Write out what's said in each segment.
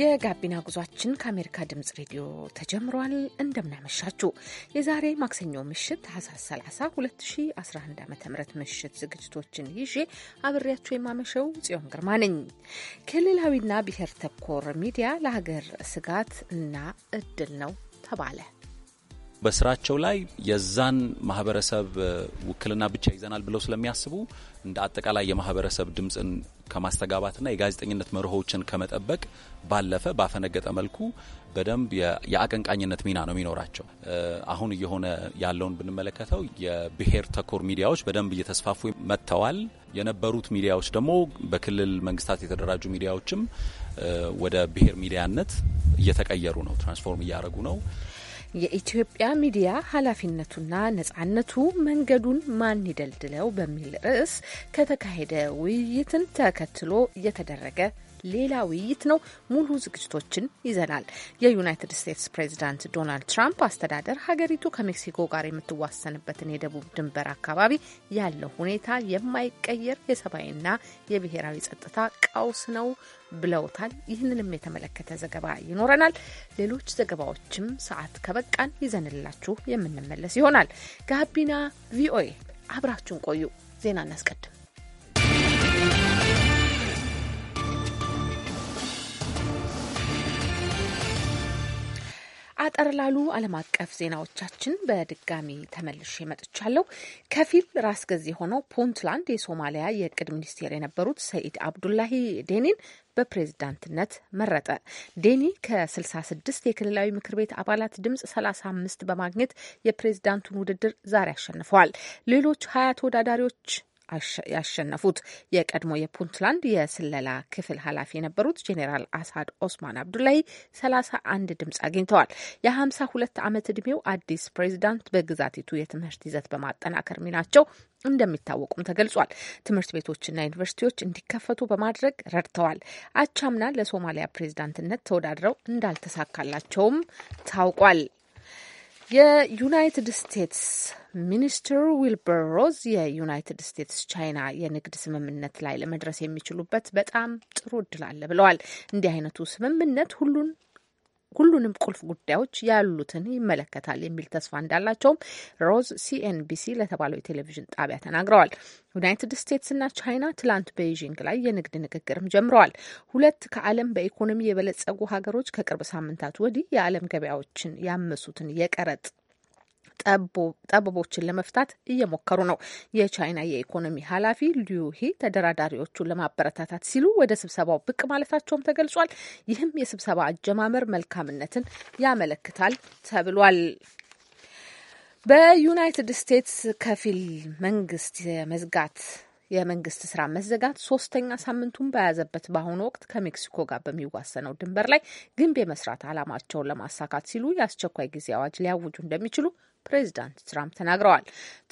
የጋቢና ጉዟችን ከአሜሪካ ድምጽ ሬዲዮ ተጀምሯል። እንደምናመሻችሁ የዛሬ ማክሰኞ ምሽት ታህሳስ 30 2011 ዓ ም ምሽት ዝግጅቶችን ይዤ አብሬያችሁ የማመሸው ጽዮን ግርማ ነኝ። ክልላዊና ብሔር ተኮር ሚዲያ ለሀገር ስጋት እና እድል ነው ተባለ። በስራቸው ላይ የዛን ማህበረሰብ ውክልና ብቻ ይዘናል ብለው ስለሚያስቡ እንደ አጠቃላይ የማህበረሰብ ድምፅን ከማስተጋባትና የጋዜጠኝነት መርሆችን ከመጠበቅ ባለፈ ባፈነገጠ መልኩ በደንብ የአቀንቃኝነት ሚና ነው የሚኖራቸው። አሁን እየሆነ ያለውን ብንመለከተው የብሔር ተኮር ሚዲያዎች በደንብ እየተስፋፉ መጥተዋል። የነበሩት ሚዲያዎች ደግሞ በክልል መንግስታት የተደራጁ ሚዲያዎችም ወደ ብሔር ሚዲያነት እየተቀየሩ ነው፣ ትራንስፎርም እያደረጉ ነው። የኢትዮጵያ ሚዲያ ኃላፊነቱና ነጻነቱ መንገዱን ማን ይደልድለው በሚል ርዕስ ከተካሄደ ውይይትን ተከትሎ የተደረገ ሌላ ውይይት ነው። ሙሉ ዝግጅቶችን ይዘናል። የዩናይትድ ስቴትስ ፕሬዚዳንት ዶናልድ ትራምፕ አስተዳደር ሀገሪቱ ከሜክሲኮ ጋር የምትዋሰንበትን የደቡብ ድንበር አካባቢ ያለው ሁኔታ የማይቀየር የሰብአዊና የብሔራዊ ጸጥታ ቀውስ ነው ብለውታል። ይህንንም የተመለከተ ዘገባ ይኖረናል። ሌሎች ዘገባዎችም ሰዓት ከበቃን ይዘንላችሁ የምንመለስ ይሆናል። ጋቢና ቪኦኤ አብራችሁን ቆዩ። ዜና እናስቀድም። አጠር ላሉ ዓለም አቀፍ ዜናዎቻችን በድጋሚ ተመልሼ መጥቻለሁ። ከፊል ራስ ገዝ የሆነው ፑንትላንድ የሶማሊያ የቅድ ሚኒስቴር የነበሩት ሰኢድ አብዱላሂ ዴኒን በፕሬዝዳንትነት መረጠ። ዴኒ ከ66 የክልላዊ ምክር ቤት አባላት ድምጽ 35 በማግኘት የፕሬዝዳንቱን ውድድር ዛሬ አሸንፈዋል። ሌሎች ሀያ ተወዳዳሪዎች ያሸነፉት። የቀድሞ የፑንትላንድ የስለላ ክፍል ኃላፊ የነበሩት ጄኔራል አሳድ ኦስማን አብዱላይ 31 ድምፅ አግኝተዋል። የ52 ዓመት ዕድሜው አዲስ ፕሬዚዳንት በግዛቲቱ የትምህርት ይዘት በማጠናከር ሚናቸው እንደሚታወቁም ተገልጿል። ትምህርት ቤቶችና ዩኒቨርሲቲዎች እንዲከፈቱ በማድረግ ረድተዋል። አቻምና ለሶማሊያ ፕሬዚዳንትነት ተወዳድረው እንዳልተሳካላቸውም ታውቋል። የዩናይትድ ስቴትስ ሚኒስትር ዊልበር ሮዝ የዩናይትድ ስቴትስ ቻይና የንግድ ስምምነት ላይ ለመድረስ የሚችሉበት በጣም ጥሩ እድል አለ ብለዋል። እንዲህ አይነቱ ስምምነት ሁሉን ሁሉንም ቁልፍ ጉዳዮች ያሉትን ይመለከታል የሚል ተስፋ እንዳላቸውም ሮዝ ሲኤንቢሲ ለተባለው የቴሌቪዥን ጣቢያ ተናግረዋል። ዩናይትድ ስቴትስ ና ቻይና ትላንት ቤይዥንግ ላይ የንግድ ንግግርም ጀምረዋል። ሁለት ከዓለም በኢኮኖሚ የበለጸጉ ሀገሮች ከቅርብ ሳምንታት ወዲህ የዓለም ገበያዎችን ያመሱትን የቀረጥ ጠበቦችን ለመፍታት እየሞከሩ ነው። የቻይና የኢኮኖሚ ኃላፊ ሊዩሂ ተደራዳሪዎቹን ለማበረታታት ሲሉ ወደ ስብሰባው ብቅ ማለታቸውም ተገልጿል። ይህም የስብሰባ አጀማመር መልካምነትን ያመለክታል ተብሏል። በዩናይትድ ስቴትስ ከፊል መንግስት የመዝጋት የመንግስት ስራ መዘጋት ሶስተኛ ሳምንቱን በያዘበት በአሁኑ ወቅት ከሜክሲኮ ጋር በሚዋሰነው ድንበር ላይ ግንብ የመስራት ዓላማቸውን ለማሳካት ሲሉ የአስቸኳይ ጊዜ አዋጅ ሊያውጁ እንደሚችሉ ፕሬዚዳንት ትራምፕ ተናግረዋል።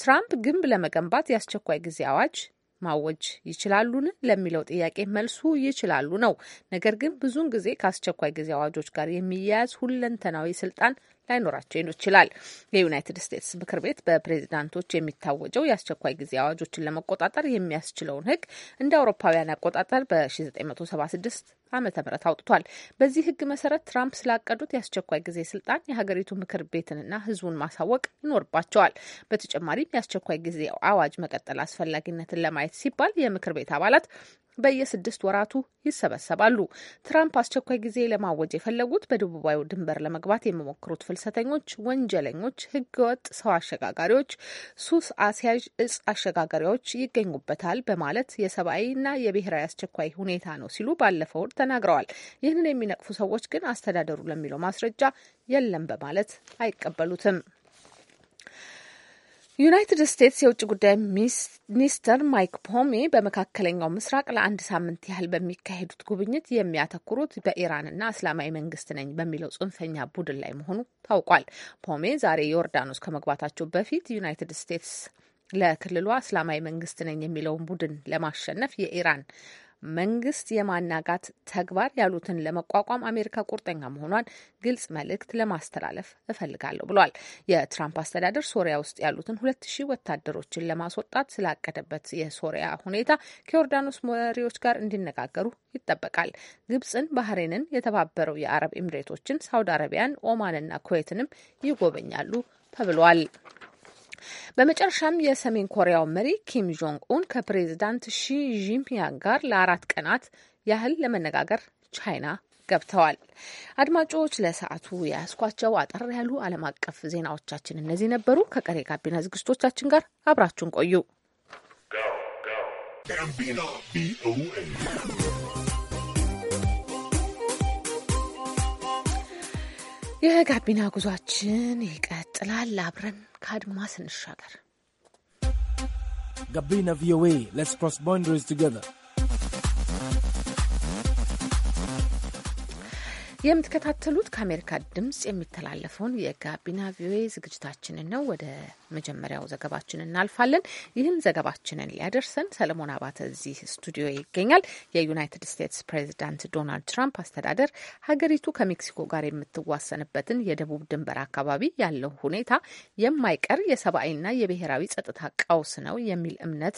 ትራምፕ ግንብ ለመገንባት የአስቸኳይ ጊዜ አዋጅ ማወጅ ይችላሉን ለሚለው ጥያቄ መልሱ ይችላሉ ነው። ነገር ግን ብዙውን ጊዜ ከአስቸኳይ ጊዜ አዋጆች ጋር የሚያያዝ ሁለንተናዊ ስልጣን ላይኖራቸው ይችላል። የዩናይትድ ስቴትስ ምክር ቤት በፕሬዚዳንቶች የሚታወጀው የአስቸኳይ ጊዜ አዋጆችን ለመቆጣጠር የሚያስችለውን ህግ እንደ አውሮፓውያን አቆጣጠር በ1976 ዓመተ ምህረት አውጥቷል። በዚህ ህግ መሰረት ትራምፕ ስላቀዱት የአስቸኳይ ጊዜ ስልጣን የሀገሪቱ ምክር ቤትንና ህዝቡን ማሳወቅ ይኖርባቸዋል። በተጨማሪም የአስቸኳይ ጊዜ አዋጅ መቀጠል አስፈላጊነትን ለማየት ሲባል የምክር ቤት አባላት በየስድስት ወራቱ ይሰበሰባሉ። ትራምፕ አስቸኳይ ጊዜ ለማወጅ የፈለጉት በደቡባዊ ድንበር ለመግባት የሚሞክሩት ፍልሰተኞች፣ ወንጀለኞች፣ ህገወጥ ሰው አሸጋጋሪዎች፣ ሱስ አስያዥ እጽ አሸጋጋሪዎች ይገኙበታል በማለት የሰብአዊና የብሔራዊ አስቸኳይ ሁኔታ ነው ሲሉ ባለፈው ወር ተናግረዋል። ይህንን የሚነቅፉ ሰዎች ግን አስተዳደሩ ለሚለው ማስረጃ የለም በማለት አይቀበሉትም። ዩናይትድ ስቴትስ የውጭ ጉዳይ ሚኒስትር ማይክ ፖሜ በመካከለኛው ምስራቅ ለአንድ ሳምንት ያህል በሚካሄዱት ጉብኝት የሚያተኩሩት በኢራንና እስላማዊ መንግስት ነኝ በሚለው ጽንፈኛ ቡድን ላይ መሆኑ ታውቋል። ፖሜ ዛሬ ዮርዳኖስ ከመግባታቸው በፊት ዩናይትድ ስቴትስ ለክልሏ እስላማዊ መንግስት ነኝ የሚለውን ቡድን ለማሸነፍ የኢራን መንግስት የማናጋት ተግባር ያሉትን ለመቋቋም አሜሪካ ቁርጠኛ መሆኗን ግልጽ መልእክት ለማስተላለፍ እፈልጋለሁ ብሏል። የትራምፕ አስተዳደር ሶሪያ ውስጥ ያሉትን ሁለት ሺህ ወታደሮችን ለማስወጣት ስላቀደበት የሶሪያ ሁኔታ ከዮርዳኖስ መሪዎች ጋር እንዲነጋገሩ ይጠበቃል። ግብጽን፣ ባህሬንን፣ የተባበረው የአረብ ኤምሬቶችን፣ ሳውዲ አረቢያን፣ ኦማንና ኩዌትንም ይጎበኛሉ ተብሏል። በመጨረሻም የሰሜን ኮሪያው መሪ ኪም ጆንግ ኡን ከፕሬዚዳንት ሺ ጂንፒንግ ጋር ለአራት ቀናት ያህል ለመነጋገር ቻይና ገብተዋል። አድማጮች ለሰዓቱ የያስኳቸው አጠር ያሉ ዓለም አቀፍ ዜናዎቻችን እነዚህ ነበሩ። ከቀሬ ጋቢና ዝግጅቶቻችን ጋር አብራችሁን ቆዩ። የጋቢና ጉዟችን ይቀጥላል። አብረን ከአድማስ እንሻገር። ጋቢና ቪኦኤ ሌትስ ክሮስ ባውንደሪስ ቱጌዘር የምትከታተሉት ከአሜሪካ ድምጽ የሚተላለፈውን የጋቢና ቪኦኤ ዝግጅታችንን ነው። ወደ መጀመሪያው ዘገባችን እናልፋለን። ይህን ዘገባችንን ሊያደርሰን ሰለሞን አባተ እዚህ ስቱዲዮ ይገኛል። የዩናይትድ ስቴትስ ፕሬዚዳንት ዶናልድ ትራምፕ አስተዳደር ሀገሪቱ ከሜክሲኮ ጋር የምትዋሰንበትን የደቡብ ድንበር አካባቢ ያለው ሁኔታ የማይቀር የሰብአዊና የብሔራዊ ጸጥታ ቀውስ ነው የሚል እምነት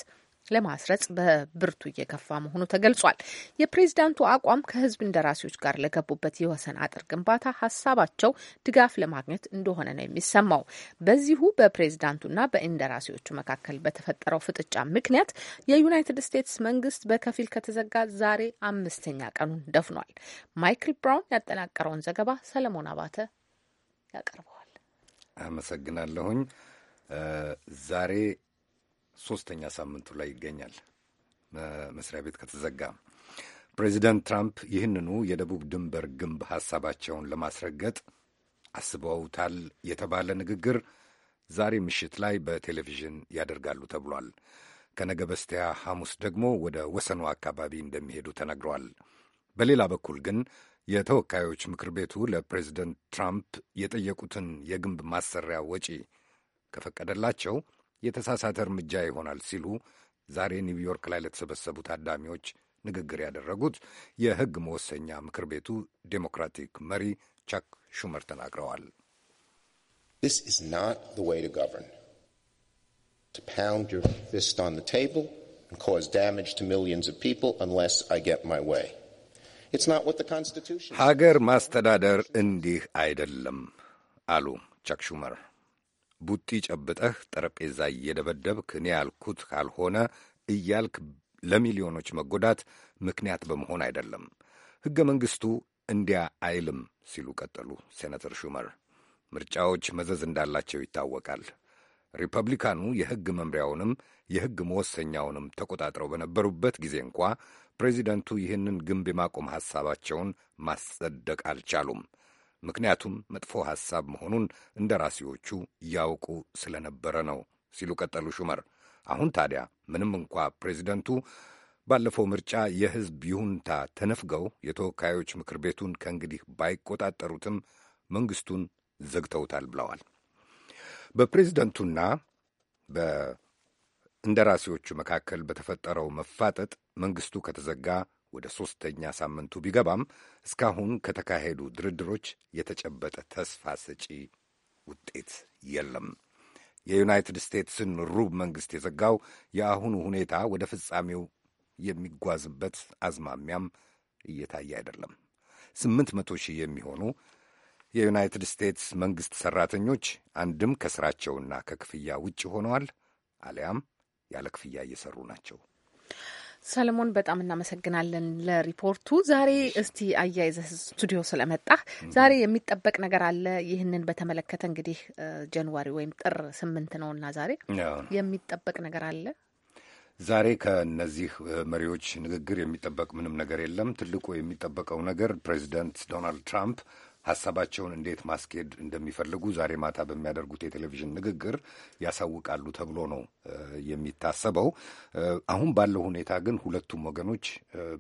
ለማስረጽ በብርቱ እየገፋ መሆኑ ተገልጿል። የፕሬዝዳንቱ አቋም ከህዝብ እንደራሴዎች ጋር ለገቡበት የወሰን አጥር ግንባታ ሀሳባቸው ድጋፍ ለማግኘት እንደሆነ ነው የሚሰማው። በዚሁ በፕሬዝዳንቱና በእንደራሴዎቹ መካከል በተፈጠረው ፍጥጫ ምክንያት የዩናይትድ ስቴትስ መንግስት በከፊል ከተዘጋ ዛሬ አምስተኛ ቀኑን ደፍኗል። ማይክል ብራውን ያጠናቀረውን ዘገባ ሰለሞን አባተ ያቀርበዋል። አመሰግናለሁኝ ዛሬ ሶስተኛ ሳምንቱ ላይ ይገኛል መስሪያ ቤት ከተዘጋ። ፕሬዚደንት ትራምፕ ይህንኑ የደቡብ ድንበር ግንብ ሐሳባቸውን ለማስረገጥ አስበውታል የተባለ ንግግር ዛሬ ምሽት ላይ በቴሌቪዥን ያደርጋሉ ተብሏል። ከነገ በስቲያ ሐሙስ ደግሞ ወደ ወሰኑ አካባቢ እንደሚሄዱ ተነግሯል። በሌላ በኩል ግን የተወካዮች ምክር ቤቱ ለፕሬዚደንት ትራምፕ የጠየቁትን የግንብ ማሰሪያ ወጪ ከፈቀደላቸው የተሳሳተ እርምጃ ይሆናል ሲሉ ዛሬ ኒውዮርክ ላይ ለተሰበሰቡ ታዳሚዎች ንግግር ያደረጉት የሕግ መወሰኛ ምክር ቤቱ ዴሞክራቲክ መሪ ቻክ ሹመር ተናግረዋል። ሀገር ማስተዳደር እንዲህ አይደለም አሉ ቻክ ሹመር። ቡጢ ጨብጠህ ጠረጴዛ እየደበደብክ እኔ ያልኩት ካልሆነ እያልክ ለሚሊዮኖች መጎዳት ምክንያት በመሆን አይደለም። ሕገ መንግሥቱ እንዲያ አይልም ሲሉ ቀጠሉ ሴናተር ሹመር። ምርጫዎች መዘዝ እንዳላቸው ይታወቃል። ሪፐብሊካኑ የሕግ መምሪያውንም የሕግ መወሰኛውንም ተቆጣጥረው በነበሩበት ጊዜ እንኳ ፕሬዚደንቱ ይህንን ግንብ የማቆም ሐሳባቸውን ማስጸደቅ አልቻሉም። ምክንያቱም መጥፎ ሐሳብ መሆኑን እንደራሴዎቹ ያውቁ ስለነበረ ነው ሲሉ ቀጠሉ ሹመር። አሁን ታዲያ ምንም እንኳ ፕሬዚደንቱ ባለፈው ምርጫ የሕዝብ ይሁንታ ተነፍገው የተወካዮች ምክር ቤቱን ከእንግዲህ ባይቆጣጠሩትም መንግስቱን ዘግተውታል ብለዋል። በፕሬዚደንቱና በእንደራሴዎቹ መካከል በተፈጠረው መፋጠጥ መንግስቱ ከተዘጋ ወደ ሦስተኛ ሳምንቱ ቢገባም እስካሁን ከተካሄዱ ድርድሮች የተጨበጠ ተስፋ ሰጪ ውጤት የለም። የዩናይትድ ስቴትስን ሩብ መንግሥት የዘጋው የአሁኑ ሁኔታ ወደ ፍጻሜው የሚጓዝበት አዝማሚያም እየታየ አይደለም። ስምንት መቶ ሺህ የሚሆኑ የዩናይትድ ስቴትስ መንግሥት ሠራተኞች አንድም ከሥራቸውና ከክፍያ ውጭ ሆነዋል፣ አሊያም ያለ ክፍያ እየሠሩ ናቸው። ሰለሞን በጣም እናመሰግናለን ለሪፖርቱ። ዛሬ እስቲ አያይዘህ ስቱዲዮ ስለመጣ ዛሬ የሚጠበቅ ነገር አለ። ይህንን በተመለከተ እንግዲህ ጃንዋሪ ወይም ጥር ስምንት ነው እና ዛሬ የሚጠበቅ ነገር አለ። ዛሬ ከእነዚህ መሪዎች ንግግር የሚጠበቅ ምንም ነገር የለም። ትልቁ የሚጠበቀው ነገር ፕሬዚደንት ዶናልድ ትራምፕ ሀሳባቸውን እንዴት ማስኬድ እንደሚፈልጉ ዛሬ ማታ በሚያደርጉት የቴሌቪዥን ንግግር ያሳውቃሉ ተብሎ ነው የሚታሰበው። አሁን ባለው ሁኔታ ግን ሁለቱም ወገኖች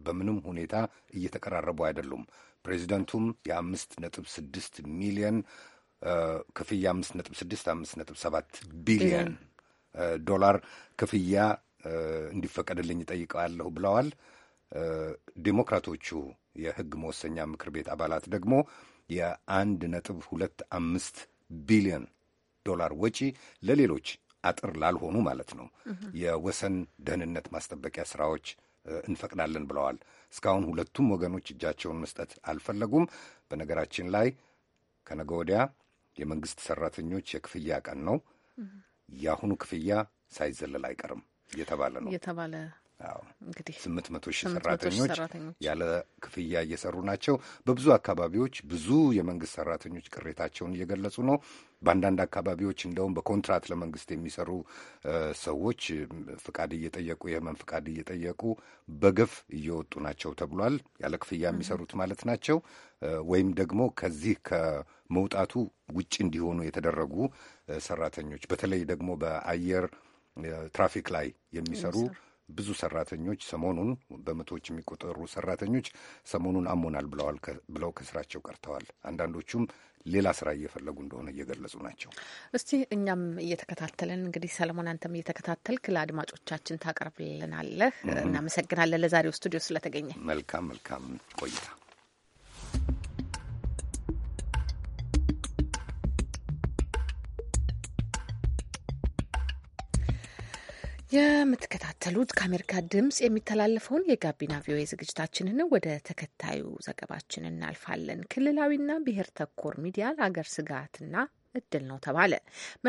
በምንም ሁኔታ እየተቀራረቡ አይደሉም። ፕሬዚደንቱም የአምስት ነጥብ ስድስት ሚሊየን ክፍያ አምስት ነጥብ ስድስት አምስት ነጥብ ሰባት ቢሊየን ዶላር ክፍያ እንዲፈቀድልኝ ጠይቀዋለሁ ብለዋል። ዴሞክራቶቹ የሕግ መወሰኛ ምክር ቤት አባላት ደግሞ የአንድ ነጥብ ሁለት አምስት ቢሊዮን ዶላር ወጪ ለሌሎች አጥር ላልሆኑ ማለት ነው የወሰን ደህንነት ማስጠበቂያ ስራዎች እንፈቅዳለን ብለዋል። እስካሁን ሁለቱም ወገኖች እጃቸውን መስጠት አልፈለጉም። በነገራችን ላይ ከነገ ወዲያ የመንግስት ሰራተኞች የክፍያ ቀን ነው። የአሁኑ ክፍያ ሳይዘለል አይቀርም እየተባለ ነው እየተባለ ስምንት መቶ ሺህ ሰራተኞች ያለ ክፍያ እየሰሩ ናቸው። በብዙ አካባቢዎች ብዙ የመንግስት ሰራተኞች ቅሬታቸውን እየገለጹ ነው። በአንዳንድ አካባቢዎች እንደውም በኮንትራት ለመንግስት የሚሰሩ ሰዎች ፍቃድ እየጠየቁ የህመም ፍቃድ እየጠየቁ በግፍ እየወጡ ናቸው ተብሏል። ያለ ክፍያ የሚሰሩት ማለት ናቸው። ወይም ደግሞ ከዚህ ከመውጣቱ ውጭ እንዲሆኑ የተደረጉ ሰራተኞች በተለይ ደግሞ በአየር ትራፊክ ላይ የሚሰሩ ብዙ ሰራተኞች ሰሞኑን በመቶዎች የሚቆጠሩ ሰራተኞች ሰሞኑን አሞናል ብለዋል ብለው ከስራቸው ቀርተዋል። አንዳንዶቹም ሌላ ስራ እየፈለጉ እንደሆነ እየገለጹ ናቸው። እስቲ እኛም እየተከታተልን እንግዲህ ሰለሞን፣ አንተም እየተከታተልክ ለአድማጮቻችን ታቀርብልናለህ። እናመሰግናለን ለዛሬው ስቱዲዮ ስለተገኘ። መልካም መልካም ቆይታ የምትከታተሉት ከአሜሪካ ድምጽ የሚተላለፈውን የጋቢና ቪኦኤ ዝግጅታችንን። ወደ ተከታዩ ዘገባችን እናልፋለን። ክልላዊና ብሔር ተኮር ሚዲያ ለአገር ስጋትና እድል ነው ተባለ።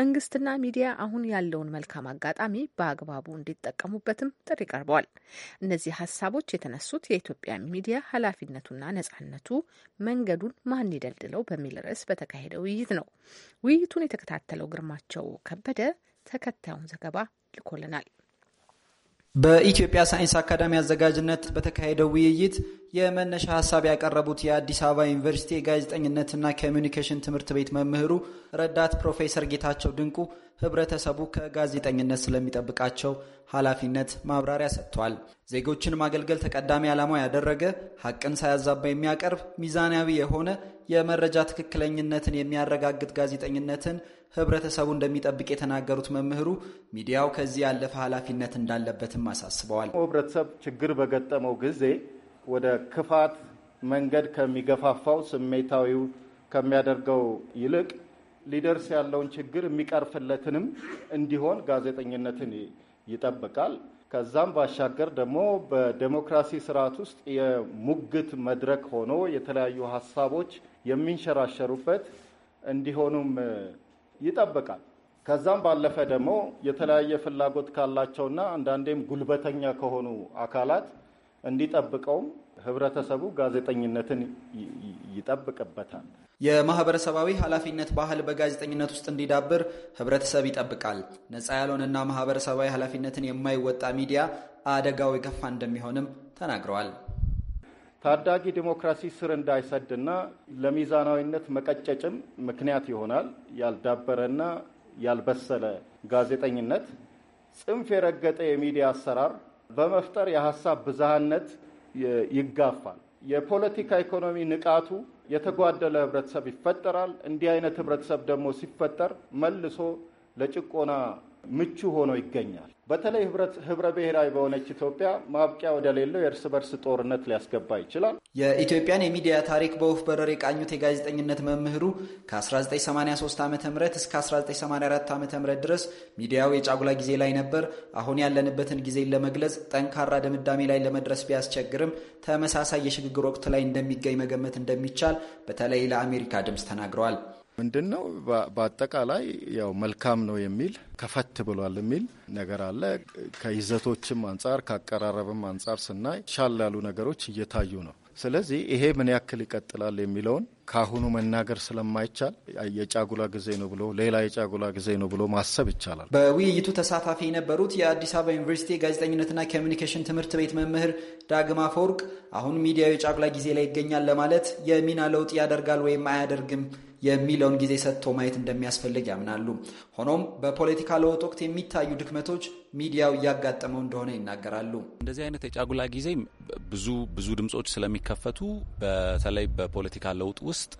መንግስትና ሚዲያ አሁን ያለውን መልካም አጋጣሚ በአግባቡ እንዲጠቀሙበትም ጥሪ ቀርበዋል። እነዚህ ሀሳቦች የተነሱት የኢትዮጵያ ሚዲያ ኃላፊነቱና ነጻነቱ መንገዱን ማን ይደልድለው በሚል ርዕስ በተካሄደ ውይይት ነው። ውይይቱን የተከታተለው ግርማቸው ከበደ ተከታዩን ዘገባ ልኮልናል። በኢትዮጵያ ሳይንስ አካዳሚ አዘጋጅነት በተካሄደው ውይይት የመነሻ ሀሳብ ያቀረቡት የአዲስ አበባ ዩኒቨርሲቲ የጋዜጠኝነትና ኮሚኒኬሽን ትምህርት ቤት መምህሩ ረዳት ፕሮፌሰር ጌታቸው ድንቁ ህብረተሰቡ ከጋዜጠኝነት ስለሚጠብቃቸው ኃላፊነት ማብራሪያ ሰጥቷል። ዜጎችን ማገልገል ተቀዳሚ ዓላማው ያደረገ ሀቅን ሳያዛባ የሚያቀርብ ሚዛናዊ የሆነ የመረጃ ትክክለኝነትን የሚያረጋግጥ ጋዜጠኝነትን ህብረተሰቡ እንደሚጠብቅ የተናገሩት መምህሩ ሚዲያው ከዚህ ያለፈ ኃላፊነት እንዳለበትም አሳስበዋል። ህብረተሰብ ችግር በገጠመው ጊዜ ወደ ክፋት መንገድ ከሚገፋፋው ስሜታዊው ከሚያደርገው ይልቅ ሊደርስ ያለውን ችግር የሚቀርፍለትንም እንዲሆን ጋዜጠኝነትን ይጠብቃል። ከዛም ባሻገር ደግሞ በዴሞክራሲ ስርዓት ውስጥ የሙግት መድረክ ሆኖ የተለያዩ ሀሳቦች የሚንሸራሸሩበት እንዲሆኑም ይጠብቃል። ከዛም ባለፈ ደግሞ የተለያየ ፍላጎት ካላቸውና አንዳንዴም ጉልበተኛ ከሆኑ አካላት እንዲጠብቀውም ህብረተሰቡ ጋዜጠኝነትን ይጠብቅበታል። የማህበረሰባዊ ኃላፊነት ባህል በጋዜጠኝነት ውስጥ እንዲዳብር ህብረተሰብ ይጠብቃል። ነፃ ያልሆነና ማህበረሰባዊ ኃላፊነትን የማይወጣ ሚዲያ አደጋው የከፋ እንደሚሆንም ተናግረዋል። ታዳጊ ዲሞክራሲ ስር እንዳይሰድና ለሚዛናዊነት መቀጨጭም ምክንያት ይሆናል። ያልዳበረና ያልበሰለ ጋዜጠኝነት፣ ጽንፍ የረገጠ የሚዲያ አሰራር በመፍጠር የሀሳብ ብዝሃነት ይጋፋል። የፖለቲካ ኢኮኖሚ ንቃቱ የተጓደለ ህብረተሰብ ይፈጠራል። እንዲህ አይነት ህብረተሰብ ደግሞ ሲፈጠር መልሶ ለጭቆና ምቹ ሆኖ ይገኛል። በተለይ ህብረ ብሔራዊ በሆነች ኢትዮጵያ ማብቂያ ወደሌለው የእርስ በርስ ጦርነት ሊያስገባ ይችላል። የኢትዮጵያን የሚዲያ ታሪክ በወፍ በረር የቃኙት የጋዜጠኝነት መምህሩ ከ1983 ዓ ም እስከ 1984 ዓ ም ድረስ ሚዲያው የጫጉላ ጊዜ ላይ ነበር። አሁን ያለንበትን ጊዜን ለመግለጽ ጠንካራ ድምዳሜ ላይ ለመድረስ ቢያስቸግርም ተመሳሳይ የሽግግር ወቅት ላይ እንደሚገኝ መገመት እንደሚቻል በተለይ ለአሜሪካ ድምፅ ተናግረዋል። ምንድን ነው በአጠቃላይ ያው መልካም ነው የሚል ከፈት ብሏል የሚል ነገር አለ። ከይዘቶችም አንጻር ከአቀራረብም አንጻር ስናይ ሻል ያሉ ነገሮች እየታዩ ነው። ስለዚህ ይሄ ምን ያክል ይቀጥላል የሚለውን ከአሁኑ መናገር ስለማይቻል የጫጉላ ጊዜ ነው ብሎ ሌላ የጫጉላ ጊዜ ነው ብሎ ማሰብ ይቻላል። በውይይቱ ተሳታፊ የነበሩት የአዲስ አበባ ዩኒቨርሲቲ ጋዜጠኝነትና ኮሚኒኬሽን ትምህርት ቤት መምህር ዳግማ ፈወርቅ አሁን ሚዲያው የጫጉላ ጊዜ ላይ ይገኛል ለማለት የሚና ለውጥ ያደርጋል ወይም አያደርግም የሚለውን ጊዜ ሰጥቶ ማየት እንደሚያስፈልግ ያምናሉ። ሆኖም በፖለቲካ ለውጥ ወቅት የሚታዩ ድክመቶች ሚዲያው እያጋጠመው እንደሆነ ይናገራሉ። እንደዚህ አይነት የጫጉላ ጊዜ ብዙ ብዙ ድምጾች ስለሚከፈቱ በተለይ በፖለቲካ ለውጥ ውስጥ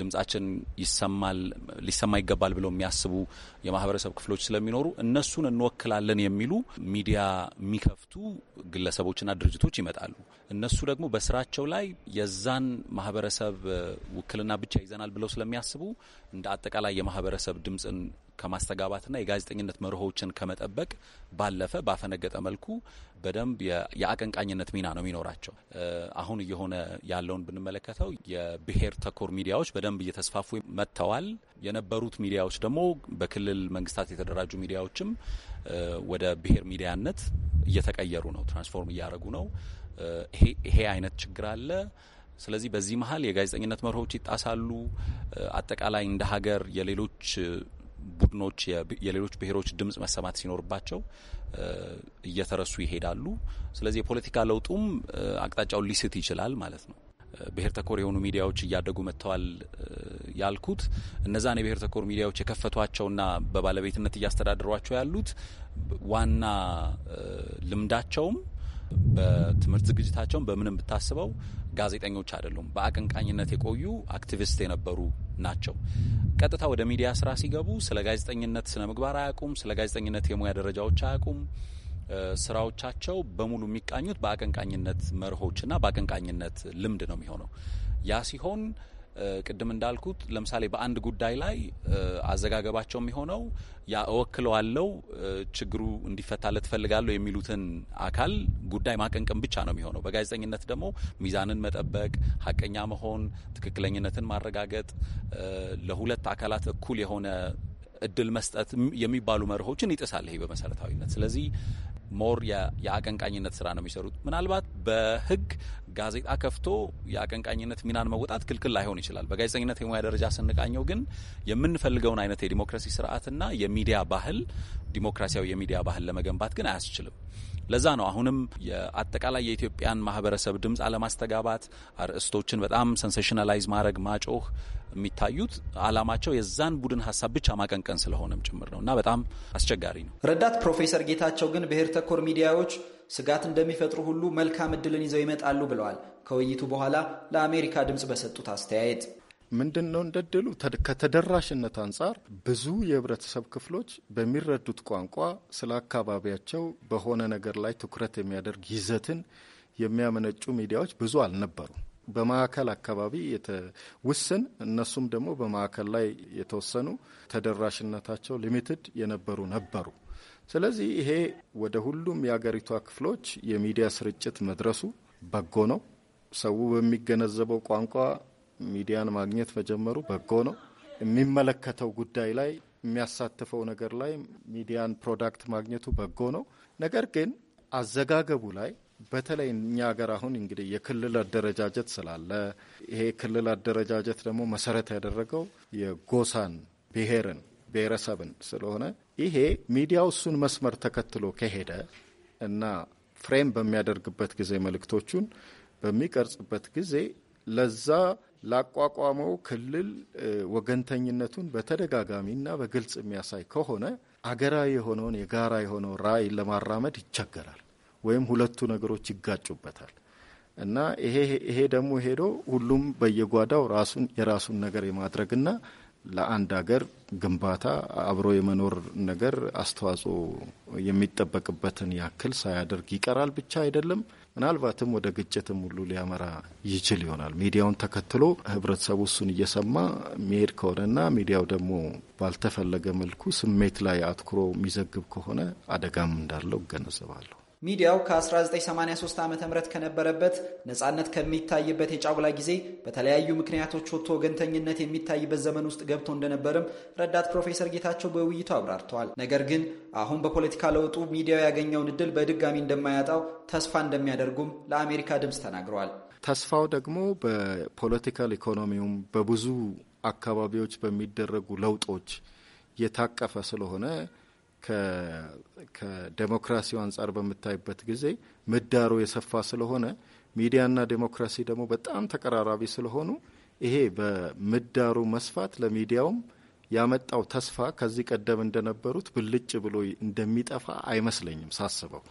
ድምጻችን ይሰማል ሊሰማ ይገባል ብለው የሚያስቡ የማህበረሰብ ክፍሎች ስለሚኖሩ እነሱን እንወክላለን የሚሉ ሚዲያ የሚከፍቱ ግለሰቦችና ድርጅቶች ይመጣሉ። እነሱ ደግሞ በስራቸው ላይ የዛን ማህበረሰብ ውክልና ብቻ ይዘናል ብለው ስለሚያስቡ እንደ አጠቃላይ የማህበረሰብ ድምፅን ከማስተጋባትና የጋዜጠኝነት መርሆችን ከመጠበቅ ባለፈ ባፈነገጠ መልኩ በደንብ የአቀንቃኝነት ሚና ነው የሚኖራቸው። አሁን እየሆነ ያለውን ብንመለከተው የብሔር ተኮር ሚዲያዎች በደንብ እየተስፋፉ መጥተዋል። የነበሩት ሚዲያዎች ደግሞ በክልል መንግስታት የተደራጁ ሚዲያዎችም ወደ ብሔር ሚዲያነት እየተቀየሩ ነው፣ ትራንስፎርም እያደረጉ ነው። ይሄ አይነት ችግር አለ። ስለዚህ በዚህ መሀል የጋዜጠኝነት መርሆች ይጣሳሉ። አጠቃላይ እንደ ሀገር የሌሎች ቡድኖች የሌሎች ብሔሮች ድምጽ መሰማት ሲኖርባቸው እየተረሱ ይሄዳሉ። ስለዚህ የፖለቲካ ለውጡም አቅጣጫውን ሊስት ይችላል ማለት ነው። ብሔር ተኮር የሆኑ ሚዲያዎች እያደጉ መጥተዋል ያልኩት እነዛን የብሔር ተኮር ሚዲያዎች የከፈቷቸውና በባለቤትነት እያስተዳድሯቸው ያሉት ዋና ልምዳቸውም በትምህርት ዝግጅታቸውን በምንም ብታስበው ጋዜጠኞች አይደሉም። በአቀንቃኝነት የቆዩ አክቲቪስት የነበሩ ናቸው። ቀጥታ ወደ ሚዲያ ስራ ሲገቡ ስለ ጋዜጠኝነት ስነ ምግባር አያውቁም። ስለ ጋዜጠኝነት የሙያ ደረጃዎች አያውቁም። ስራዎቻቸው በሙሉ የሚቃኙት በአቀንቃኝነት መርሆችና በአቀንቃኝነት ልምድ ነው የሚሆነው ያ ሲሆን ቅድም እንዳልኩት ለምሳሌ በአንድ ጉዳይ ላይ አዘጋገባቸው የሚሆነው ያ እወክለዋለው ችግሩ እንዲፈታለት እፈልጋለሁ የሚሉትን አካል ጉዳይ ማቀንቀን ብቻ ነው የሚሆነው። በጋዜጠኝነት ደግሞ ሚዛንን መጠበቅ፣ ሀቀኛ መሆን፣ ትክክለኝነትን ማረጋገጥ፣ ለሁለት አካላት እኩል የሆነ እድል መስጠት የሚባሉ መርሆችን ይጥሳል ይሄ በመሰረታዊነት። ስለዚህ ሞር የአቀንቃኝነት ስራ ነው የሚሰሩት። ምናልባት በህግ ጋዜጣ ከፍቶ የአቀንቃኝነት ሚናን መወጣት ክልክል ላይሆን ይችላል። በጋዜጠኝነት የሙያ ደረጃ ስንቃኘው ግን የምንፈልገውን አይነት የዲሞክራሲ ስርዓትና የሚዲያ ባህል ዲሞክራሲያዊ የሚዲያ ባህል ለመገንባት ግን አያስችልም። ለዛ ነው አሁንም የአጠቃላይ የኢትዮጵያን ማህበረሰብ ድምፅ አለማስተጋባት፣ አርእስቶችን በጣም ሰንሴሽናላይዝ ማድረግ፣ ማጮህ የሚታዩት አላማቸው የዛን ቡድን ሀሳብ ብቻ ማቀንቀን ስለሆነም ጭምር ነው እና በጣም አስቸጋሪ ነው። ረዳት ፕሮፌሰር ጌታቸው ግን ብሔር ተኮር ሚዲያዎች ስጋት እንደሚፈጥሩ ሁሉ መልካም እድልን ይዘው ይመጣሉ ብለዋል። ከውይይቱ በኋላ ለአሜሪካ ድምፅ በሰጡት አስተያየት ምንድን ነው እንደድሉ ከተደራሽነት አንጻር ብዙ የህብረተሰብ ክፍሎች በሚረዱት ቋንቋ ስለ አካባቢያቸው በሆነ ነገር ላይ ትኩረት የሚያደርግ ይዘትን የሚያመነጩ ሚዲያዎች ብዙ አልነበሩ። በማዕከል አካባቢ ውስን እነሱም ደግሞ በማዕከል ላይ የተወሰኑ ተደራሽነታቸው ሊሚትድ የነበሩ ነበሩ። ስለዚህ ይሄ ወደ ሁሉም የአገሪቷ ክፍሎች የሚዲያ ስርጭት መድረሱ በጎ ነው። ሰው በሚገነዘበው ቋንቋ ሚዲያን ማግኘት መጀመሩ በጎ ነው። የሚመለከተው ጉዳይ ላይ የሚያሳትፈው ነገር ላይ ሚዲያን ፕሮዳክት ማግኘቱ በጎ ነው። ነገር ግን አዘጋገቡ ላይ በተለይ እኛ ሀገር አሁን እንግዲህ የክልል አደረጃጀት ስላለ ይሄ የክልል አደረጃጀት ደግሞ መሰረት ያደረገው የጎሳን፣ ብሔርን፣ ብሔረሰብን ስለሆነ ይሄ ሚዲያው እሱን መስመር ተከትሎ ከሄደ እና ፍሬም በሚያደርግበት ጊዜ መልእክቶቹን በሚቀርጽበት ጊዜ ለዛ ላቋቋመው ክልል ወገንተኝነቱን በተደጋጋሚና በግልጽ የሚያሳይ ከሆነ አገራዊ የሆነውን የጋራ የሆነው ራዕይ ለማራመድ ይቸገራል ወይም ሁለቱ ነገሮች ይጋጩበታል እና ይሄ ደግሞ ሄዶ ሁሉም በየጓዳው ራሱን የራሱን ነገር የማድረግና ለአንድ ሀገር ግንባታ አብሮ የመኖር ነገር አስተዋጽኦ የሚጠበቅበትን ያክል ሳያደርግ ይቀራል ብቻ አይደለም፣ ምናልባትም ወደ ግጭትም ሁሉ ሊያመራ ይችል ይሆናል። ሚዲያውን ተከትሎ ህብረተሰቡ እሱን እየሰማ የሚሄድ ከሆነና ሚዲያው ደግሞ ባልተፈለገ መልኩ ስሜት ላይ አትኩሮ የሚዘግብ ከሆነ አደጋም እንዳለው እገነዘባለሁ። ሚዲያው ከ1983 ዓ ም ከነበረበት ነፃነት ከሚታይበት የጫጉላ ጊዜ በተለያዩ ምክንያቶች ወጥቶ ወገንተኝነት የሚታይበት ዘመን ውስጥ ገብቶ እንደነበርም ረዳት ፕሮፌሰር ጌታቸው በውይይቱ አብራርተዋል። ነገር ግን አሁን በፖለቲካ ለውጡ ሚዲያው ያገኘውን እድል በድጋሚ እንደማያጣው ተስፋ እንደሚያደርጉም ለአሜሪካ ድምፅ ተናግረዋል። ተስፋው ደግሞ በፖለቲካል ኢኮኖሚውም በብዙ አካባቢዎች በሚደረጉ ለውጦች የታቀፈ ስለሆነ ከዴሞክራሲው አንጻር በምታይበት ጊዜ ምህዳሩ የሰፋ ስለሆነ ሚዲያና ዴሞክራሲ ደግሞ በጣም ተቀራራቢ ስለሆኑ ይሄ በምህዳሩ መስፋት ለሚዲያውም ያመጣው ተስፋ ከዚህ ቀደም እንደነበሩት ብልጭ ብሎ እንደሚጠፋ አይመስለኝም ሳስበው።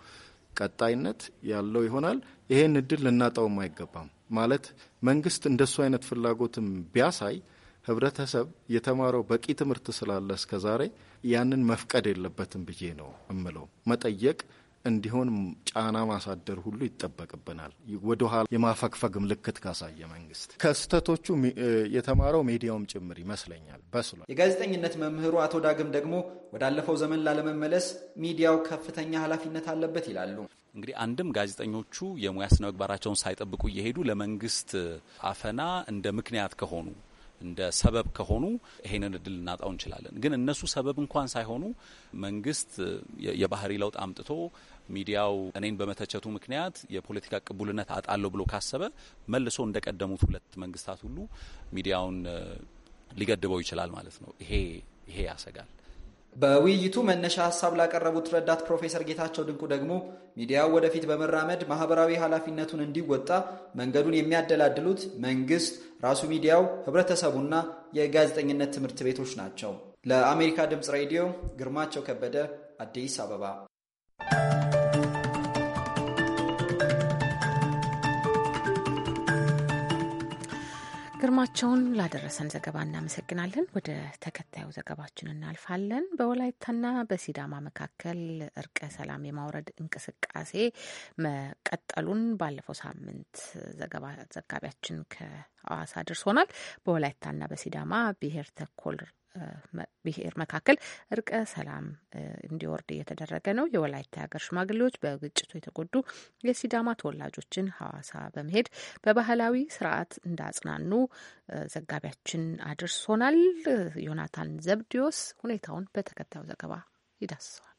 ቀጣይነት ያለው ይሆናል። ይሄን እድል ልናጣውም አይገባም ማለት መንግስት እንደሱ አይነት ፍላጎትም ቢያሳይ ህብረተሰብ የተማረው በቂ ትምህርት ስላለ እስከዛሬ ያንን መፍቀድ የለበትም ብዬ ነው እምለው። መጠየቅ እንዲሆን ጫና ማሳደር ሁሉ ይጠበቅብናል። ወደኋላ የማፈግፈግ ምልክት ካሳየ መንግስት ከስህተቶቹ የተማረው ሚዲያውም ጭምር ይመስለኛል በስሏል። የጋዜጠኝነት መምህሩ አቶ ዳግም ደግሞ ወዳለፈው ዘመን ላለመመለስ ሚዲያው ከፍተኛ ኃላፊነት አለበት ይላሉ። እንግዲህ አንድም ጋዜጠኞቹ የሙያ ስነ ምግባራቸውን ሳይጠብቁ እየሄዱ ለመንግስት አፈና እንደ ምክንያት ከሆኑ እንደ ሰበብ ከሆኑ ይሄንን እድል ልናጣው እንችላለን። ግን እነሱ ሰበብ እንኳን ሳይሆኑ መንግስት የባህሪ ለውጥ አምጥቶ ሚዲያው እኔን በመተቸቱ ምክንያት የፖለቲካ ቅቡልነት አጣለሁ ብሎ ካሰበ መልሶ እንደቀደሙት ሁለት መንግስታት ሁሉ ሚዲያውን ሊገድበው ይችላል ማለት ነው። ይሄ ይሄ ያሰጋል። በውይይቱ መነሻ ሀሳብ ላቀረቡት ረዳት ፕሮፌሰር ጌታቸው ድንቁ ደግሞ ሚዲያው ወደፊት በመራመድ ማህበራዊ ኃላፊነቱን እንዲወጣ መንገዱን የሚያደላድሉት መንግስት፣ ራሱ ሚዲያው፣ ህብረተሰቡና የጋዜጠኝነት ትምህርት ቤቶች ናቸው። ለአሜሪካ ድምፅ ሬዲዮ ግርማቸው ከበደ አዲስ አበባ ግርማቸውን ላደረሰን ዘገባ እናመሰግናለን። ወደ ተከታዩ ዘገባችን እናልፋለን። በወላይታና በሲዳማ መካከል እርቀ ሰላም የማውረድ እንቅስቃሴ መቀጠሉን ባለፈው ሳምንት ዘገባ ዘጋቢያችን ከአዋሳ ደርሶናል። በወላይታና በሲዳማ ብሔር ተኮር ብሔር መካከል እርቀ ሰላም እንዲወርድ እየተደረገ ነው። የወላይታ ሀገር ሽማግሌዎች በግጭቱ የተጎዱ የሲዳማ ተወላጆችን ሐዋሳ በመሄድ በባህላዊ ስርዓት እንዳጽናኑ ዘጋቢያችን አድርሶናል። ዮናታን ዘብዲዮስ ሁኔታውን በተከታዩ ዘገባ ይዳስሰዋል።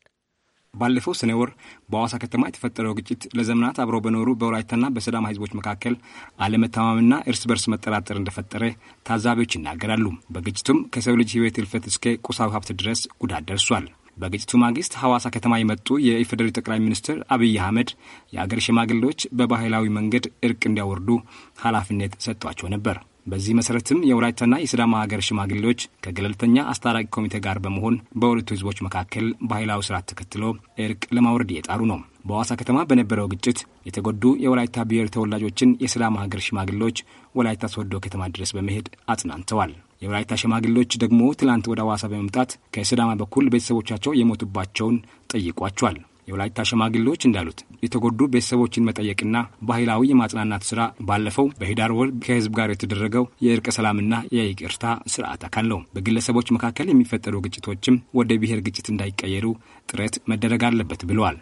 ባለፈው ሰኔ ወር በሐዋሳ ከተማ የተፈጠረው ግጭት ለዘመናት አብረው በኖሩ በወላይታና በሲዳማ ህዝቦች መካከል አለመተማመንና እርስ በርስ መጠራጠር እንደፈጠረ ታዛቢዎች ይናገራሉ። በግጭቱም ከሰው ልጅ ህይወት እልፈት እስከ ቁሳዊ ሀብት ድረስ ጉዳት ደርሷል። በግጭቱ ማግስት ሐዋሳ ከተማ የመጡ የኢፌዴሪ ጠቅላይ ሚኒስትር አብይ አህመድ የአገር ሽማግሌዎች በባህላዊ መንገድ እርቅ እንዲያወርዱ ኃላፊነት ሰጥቷቸው ነበር። በዚህ መሰረትም የወላይታና የስዳማ ሀገር ሽማግሌዎች ከገለልተኛ አስታራቂ ኮሚቴ ጋር በመሆን በሁለቱ ህዝቦች መካከል ባህላዊ ስርዓት ተከትሎ እርቅ ለማውረድ እየጣሩ ነው። በዋሳ ከተማ በነበረው ግጭት የተጎዱ የወላይታ ብሔር ተወላጆችን የሲዳማ ሀገር ሽማግሌዎች ወላይታ ሶዶ ከተማ ድረስ በመሄድ አጽናንተዋል። የወላይታ ሽማግሌዎች ደግሞ ትላንት ወደ አዋሳ በመምጣት ከሲዳማ በኩል ቤተሰቦቻቸው የሞቱባቸውን ጠይቋቸዋል። የወላይታ ሸማግሌዎች እንዳሉት የተጎዱ ቤተሰቦችን መጠየቅና ባህላዊ የማጽናናት ስራ ባለፈው በሂዳር ወር ከህዝብ ጋር የተደረገው የእርቀ ሰላምና የይቅርታ ስርዓት አካል ነው። በግለሰቦች መካከል የሚፈጠሩ ግጭቶችም ወደ ብሔር ግጭት እንዳይቀየሩ ጥረት መደረግ አለበት ብለዋል።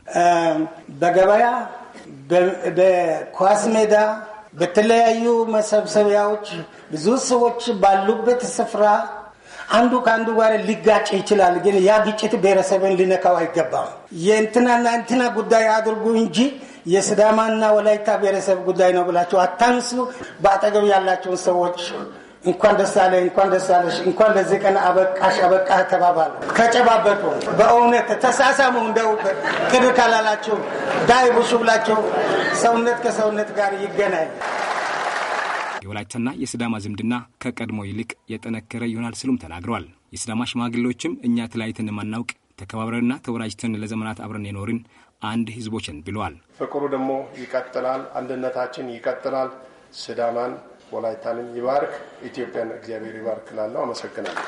በገበያ፣ በኳስ ሜዳ፣ በተለያዩ መሰብሰቢያዎች ብዙ ሰዎች ባሉበት ስፍራ አንዱ ከአንዱ ጋር ሊጋጭ ይችላል፣ ግን ያ ግጭት ብሔረሰብን ሊነካው አይገባም። የእንትናና እንትና ጉዳይ አድርጉ እንጂ የስዳማና ወላይታ ብሔረሰብ ጉዳይ ነው ብላችሁ አታንሱ። በአጠገብ ያላቸውን ሰዎች እንኳን ደስ አለ፣ እንኳን ደስ አለሽ፣ እንኳን ለዚህ ቀን አበቃሽ፣ አበቃ ተባባሉ፣ ከጨባበጡ። በእውነት ተሳሳሙ። እንደው ቅድ ካላላቸው ዳይ ቡሱ ሰውነት ከሰውነት ጋር ይገናኝ። የወላይታና የስዳማ ዝምድና ከቀድሞ ይልቅ የጠነከረ ይሆናል ስሉም ተናግረዋል። የስዳማ ሽማግሌዎችም እኛ ተለያይተን ማናውቅ ተከባብረንና ተወራጅተን ለዘመናት አብረን የኖርን አንድ ህዝቦችን ብለዋል። ፍቅሩ ደግሞ ይቀጥላል፣ አንድነታችን ይቀጥላል። ስዳማን ወላይታንም ይባርክ፣ ኢትዮጵያን እግዚአብሔር ይባርክ። ላለው አመሰግናለሁ።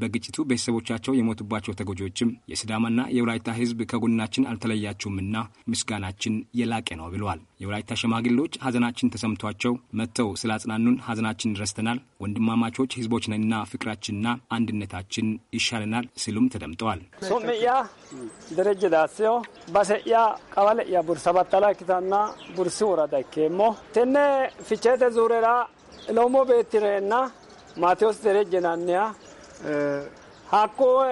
በግጭቱ ቤተሰቦቻቸው የሞቱባቸው ተጎጂዎችም የስዳማና የውላይታ ህዝብ ከጎናችን አልተለያችሁምና ምስጋናችን የላቀ ነው ብለዋል። የውላይታ ሸማግሌዎች ሀዘናችን ተሰምቷቸው መጥተው ስላጽናኑን ሀዘናችን ረስተናል፣ ወንድማማቾች ህዝቦች ነንና ፍቅራችንና አንድነታችን ይሻለናል ሲሉም ተደምጠዋል። ሶምያ ደረጀ ዳሴዮ ባሰያ ቀበለያ ቡርሰባታላ ኪታና ቡርሲ ወረዳ ኬሞ ቴነ ፍቼተ ዙሬራ ሎሞ ቤትሬና ማቴዎስ ደረጀ ናኒያ Akkoo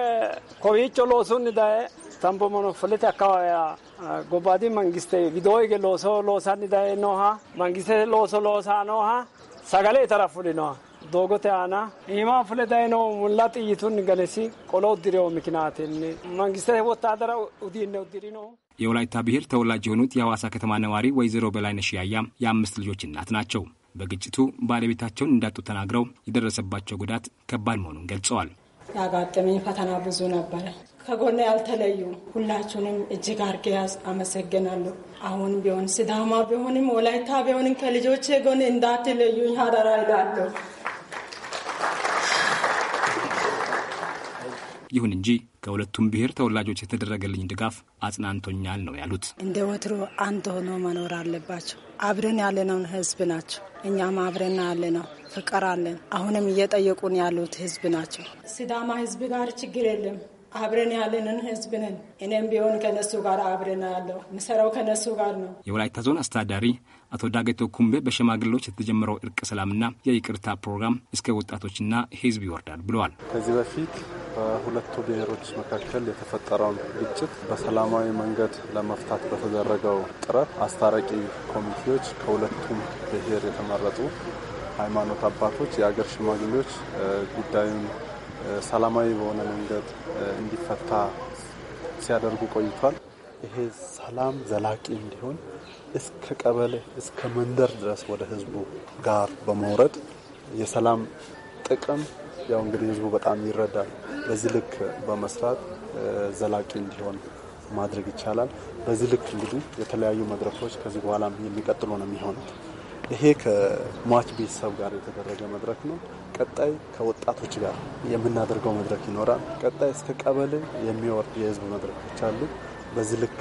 kowiicho loosunni daye tambo monofolete akawaawera gobbaadi mangiste widoo hige looso loosanni daye nooha mangiste looso loosaa nooha sagale itara fulinoha doogote aana iimaa fule daye mulla xiyyitunni ganesi qolo uddirewo mikinaatinni mangiste wotaadara udiinne uddirinohu የወላይታ ብሔር ተወላጅ የሆኑት የሐዋሳ ከተማ ነዋሪ ወይዘሮ በላይነሽ ያያ የአምስት ልጆች እናት ናቸው። በግጭቱ ባለቤታቸውን እንዳጡ ተናግረው የደረሰባቸው ጉዳት ከባድ መሆኑን ገልጸዋል። ያጋጠመኝ ፈተና ብዙ ነበረ። ከጎን ያልተለዩ ሁላችሁንም እጅግ አርጌ ያዝ አመሰግናለሁ። አሁን ቢሆን ስዳማ ቢሆንም ወላይታ ቢሆንም ከልጆቼ ጎን እንዳትለዩኝ አደራ ይላለሁ። ይሁን እንጂ ከሁለቱም ብሔር ተወላጆች የተደረገልኝ ድጋፍ አጽናንቶኛል ነው ያሉት። እንደ ወትሮ አንድ ሆኖ መኖር አለባቸው። አብረን ያለነውን ህዝብ ናቸው። እኛም አብረን ያለነው ፍቅር አለን። አሁንም እየጠየቁን ያሉት ህዝብ ናቸው። ሲዳማ ህዝብ ጋር ችግር የለም። አብረን ያለንን ህዝብ ነን። እኔም ቢሆን ከነሱ ጋር አብረን ያለው ምሰራው ከነሱ ጋር ነው። የወላይታ ዞን አስተዳዳሪ አቶ ዳገቶ ኩምቤ በሸማግሌዎች የተጀመረው እርቅ ሰላምና የይቅርታ ፕሮግራም እስከ ወጣቶችና ሕዝብ ይወርዳል ብለዋል። ከዚህ በፊት በሁለቱ ብሔሮች መካከል የተፈጠረውን ግጭት በሰላማዊ መንገድ ለመፍታት በተደረገው ጥረት አስታራቂ ኮሚቴዎች ከሁለቱም ብሔር የተመረጡ ሃይማኖት አባቶች፣ የአገር ሽማግሌዎች ጉዳዩን ሰላማዊ በሆነ መንገድ እንዲፈታ ሲያደርጉ ቆይቷል። ይሄ ሰላም ዘላቂ እንዲሆን እስከ ቀበሌ እስከ መንደር ድረስ ወደ ህዝቡ ጋር በመውረድ የሰላም ጥቅም ያው እንግዲህ ህዝቡ በጣም ይረዳል። በዚህ ልክ በመስራት ዘላቂ እንዲሆን ማድረግ ይቻላል። በዚህ ልክ እንግዲህ የተለያዩ መድረኮች ከዚህ በኋላ የሚቀጥሉ ነው የሚሆኑት። ይሄ ከሟች ቤተሰብ ጋር የተደረገ መድረክ ነው። ቀጣይ ከወጣቶች ጋር የምናደርገው መድረክ ይኖራል። ቀጣይ እስከ ቀበሌ የሚወርድ የህዝብ መድረኮች አሉ። በዚህ ልክ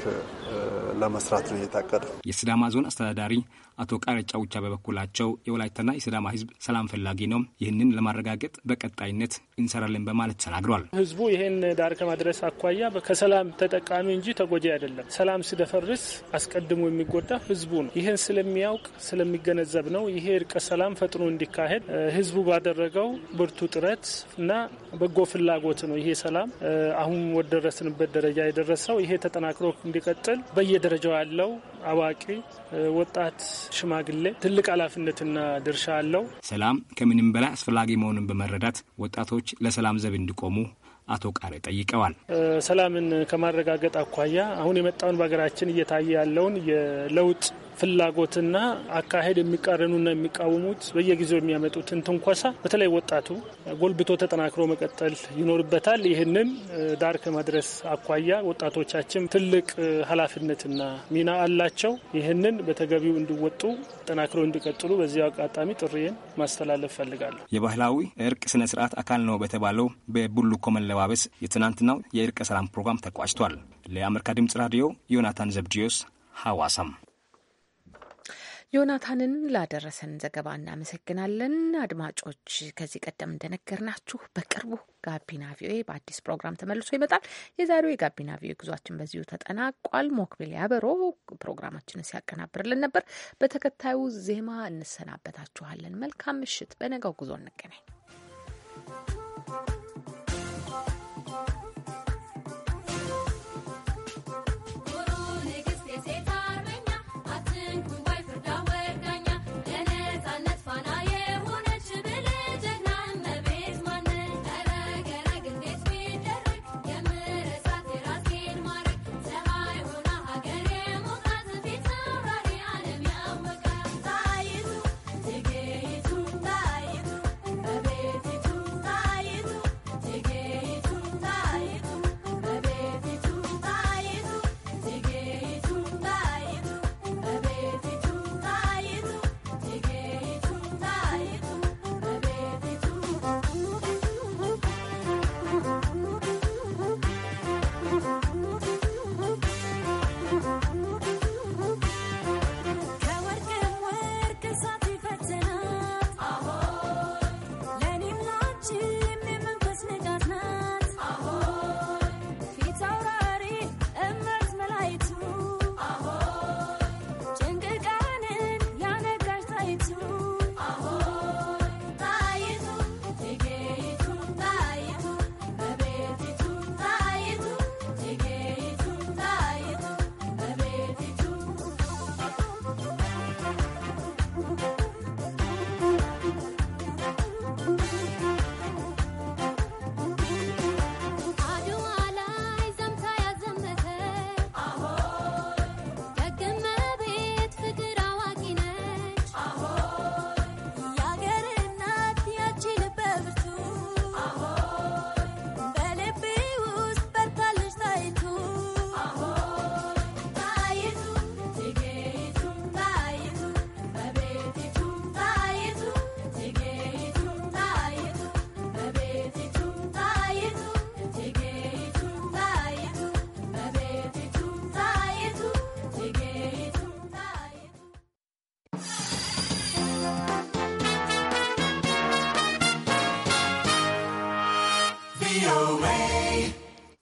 ለመስራት ነው እየታቀደ። የስዳማ ዞን አስተዳዳሪ አቶ ቃረጫ ውቻ በበኩላቸው የወላይታና የስዳማ ህዝብ ሰላም ፈላጊ ነው፣ ይህንን ለማረጋገጥ በቀጣይነት እንሰራለን በማለት ተናግሯል። ህዝቡ ይህን ዳር ከማድረስ አኳያ ከሰላም ተጠቃሚ እንጂ ተጎጂ አይደለም። ሰላም ስደፈርስ አስቀድሞ የሚጎዳ ህዝቡ ነው። ይህን ስለሚያውቅ ስለሚገነዘብ ነው ይሄ እርቀ ሰላም ፈጥኖ እንዲካሄድ ህዝቡ ባደረገው ብርቱ ጥረት እና በጎ ፍላጎት ነው ይሄ ሰላም አሁን ወደረስንበት ደረጃ የደረሰው። ይሄ ተጠናክሮ እንዲቀጥል ስንል በየደረጃው ያለው አዋቂ፣ ወጣት፣ ሽማግሌ ትልቅ ኃላፊነትና ድርሻ አለው። ሰላም ከምንም በላይ አስፈላጊ መሆኑን በመረዳት ወጣቶች ለሰላም ዘብ እንዲቆሙ አቶ ቃሬ ጠይቀዋል። ሰላምን ከማረጋገጥ አኳያ አሁን የመጣውን በሀገራችን እየታየ ያለውን የለውጥ ፍላጎትና አካሄድ የሚቃረኑና የሚቃወሙት በየጊዜው የሚያመጡትን ትንኮሳ በተለይ ወጣቱ ጎልብቶ ተጠናክሮ መቀጠል ይኖርበታል። ይህንን ዳር ከማድረስ አኳያ ወጣቶቻችን ትልቅ ኃላፊነትና ሚና አላቸው። ይህንን በተገቢው እንዲወጡ ጠናክሮ እንዲቀጥሉ በዚያው አጋጣሚ ጥሪዬን ማስተላለፍ ፈልጋለሁ። የባህላዊ እርቅ ስነ ስርዓት አካል ነው በተባለው በቡሉኮ መለባበስ የትናንትናው የእርቀ ሰላም ፕሮግራም ተቋጭቷል። ለአሜሪካ ድምጽ ራዲዮ ዮናታን ዘብዲዮስ ሐዋሳም ዮናታንን ላደረሰን ዘገባ እናመሰግናለን። አድማጮች ከዚህ ቀደም እንደነገርናችሁ በቅርቡ ጋቢና ቪኦኤ በአዲስ ፕሮግራም ተመልሶ ይመጣል። የዛሬው የጋቢና ቪኦኤ ጉዟችን በዚሁ ተጠናቋል። ሞክቤል ያበሮ ፕሮግራማችንን ሲያቀናብርልን ነበር። በተከታዩ ዜማ እንሰናበታችኋለን። መልካም ምሽት። በነጋው ጉዞ እንገናኝ።